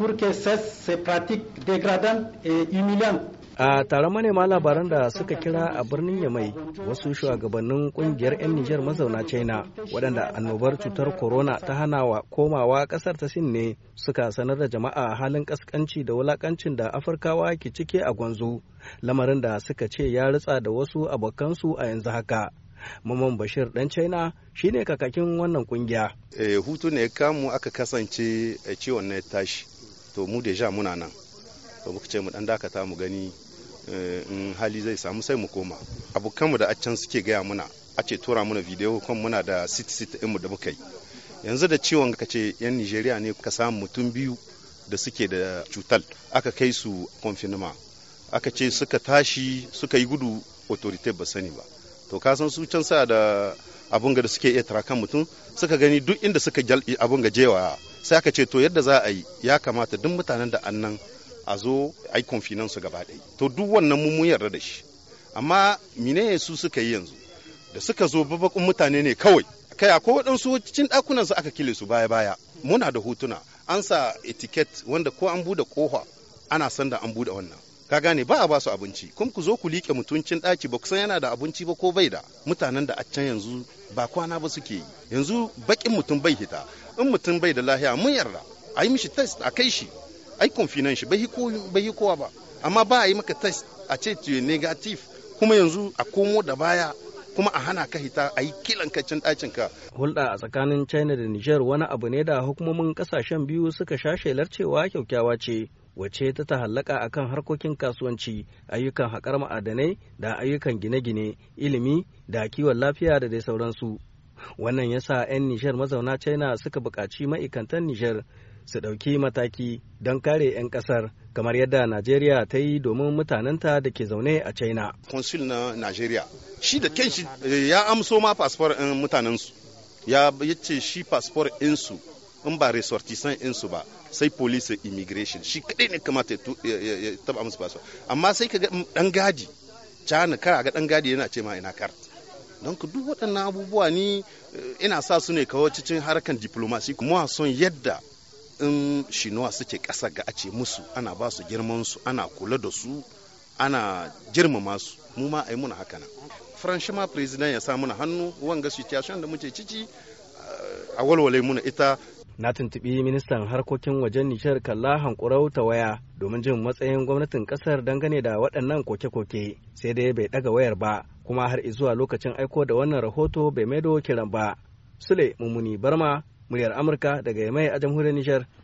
pour que cesse ces pratiques dégradantes et humiliantes a taron manema labaran da suka kira a birnin yamai wasu shugabannin kungiyar 'yan nijar mazauna china waɗanda annobar cutar corona ta hana komawa ƙasar ta sin ne suka sanar da jama'a halin ƙasƙanci da wulaƙancin da afirkawa ke cike a gwanzo lamarin da suka ce ya ritsa da wasu abokansu a yanzu haka Maman Bashir ɗan China shine kakakin wannan kungiya. Eh, hutu ne kamu aka kasance eh, ciwon na tashi. to mu deja muna nan to muka ce mu dan dakata mu gani eh, in hali zai samu sai mu koma abokanmu da can suke gaya muna a ce tura muna bidiyo kan muna da sit sit mu da muka yi yanzu da ciwon ka ce yan nigeria ne ka samu mutum biyu da suke da cutar aka kai su konfinima aka ce suka tashi suka yi gudu autorite ba sani ba to ka san su can sa da abun ga da suke iya tarakan mutum suka gani duk inda suka abun ga jewa sai aka ce to yadda za a yi ya kamata duk mutanen da annan a zo a yi su gaba ɗaya to duk wannan mun yarda da shi amma mine su suka yi yanzu da suka zo babakun mutane ne kawai kai akwai waɗansu cikin ɗakunan su aka kile su baya baya muna da hotuna an sa etiket wanda ko an bude kofa ana san da an bude wannan ka gane ba a ba su abinci kuma ku zo ku liƙe mutuncin ɗaki ba san yana da abinci ba ko bai da mutanen da a can yanzu ba kwana ba suke yi yanzu bakin mutum bai hita in mutum bai da lahiya mun yarda a yi mishi test a kai shi yi confinan shi bai yi kowa ba amma ba a yi maka test a ce to negative kuma yanzu a komo da baya kuma a hana ka hita a yi kilankacin ɗakin ka. Hulɗa a tsakanin China da niger wani abu ne da hukumomin ƙasashen biyu suka sha shelar cewa kyaukyawa ce. wacce ta a kan harkokin kasuwanci ayyukan haƙar ma'adanai da ayyukan gine-gine ilimi da kiwon lafiya da dai sauransu wannan ya sa 'yan nishar mazauna china suka buƙaci ma'aikatan nishar su ɗauki mataki don kare 'yan ƙasar kamar yadda najeriya ta yi domin mutanenta da ke zaune a china consul na najeriya shi da kenshi eh, ya amso ma fasfor ɗin mutanensu ya ce shi fasfor insu in ba resortisan su ba sai police immigration shi kadai ne kamata ya taba musu basu amma sai ka ga dan gadi cana kara ga dan gadi yana ce ma ina kar don ku duk waɗannan abubuwa ni eh, ina sa su ne kawo cikin harkan diplomasi kuma son yadda in shinuwa suke ƙasa ga a ce musu ana ba su girman su ana kula da su ana girmama su mu ma a yi muna haka nan faranshi ma president ya sa muna hannu wanga situation da muke ciki eh, a walwale muna ita na tuntubi ministan harkokin wajen nishar kalla hankurau ta waya domin jin matsayin gwamnatin ƙasar dangane da waɗannan koke-koke sai dai bai ɗaga wayar ba kuma har zuwa lokacin aiko da wannan rahoto bai maido kiran ba sule mummuni barma muryar amurka daga yamai a jamhuriyar nishar